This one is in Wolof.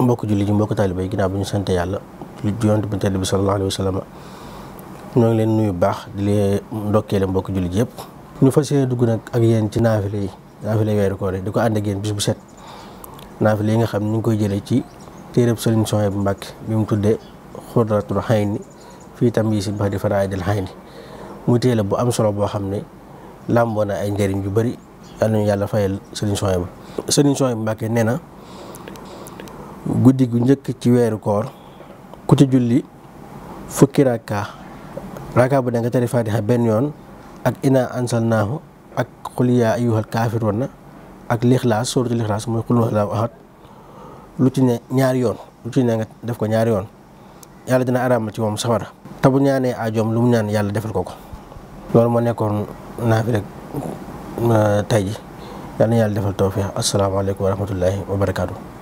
mbokk julli ñi mbokk taaliba yi ginnaaw bi ñu sante yàlla yonent bi tedd bi sallallahu alayhi wa sallam ñoo ngi leen nuyu baax di leen ndokkeele mbokk julli ji yëpp ñu fas yéene dugg nag ak yéen ci naafile yi naafile weeru koor di ko ànd ak yéen bis bu set naafile yi nga xam ni ñu koy jëlee ci téereb Sëriñ Sohaybu Mbàkke bi mu tuddee xudratul xayni fii tam yi si bax di faraa'idil xayni mu téere bu am solo boo xam ne làmboo na ay njëriñ yu bëri yal yàlla fayal Sëriñ Sohaybu Sëriñ Sohaybu Mbàkke na guddi gu njëkk ci weeru koor ku ci julli fukki rakka rakka bu ne nga tari fatiha benn yoon ak ina ansalnaahu ak xul yaa ayyuhal kaafiruun na ak lixlaas sóoratu lixlaas mooy xul huwallaahu ahad lu ci ne ñaari yoon lu ti ne nga def ko ñaari yoon yàlla dina araamal ci moom safara te bu ñaanee ajoom lu mu ñaan yàlla defal ko ko loolu moo nekkoon naa fi rek euh, tey ji yàlla na yàlla defal tawfiq asalaamaaleykum wa rahmatullahi wa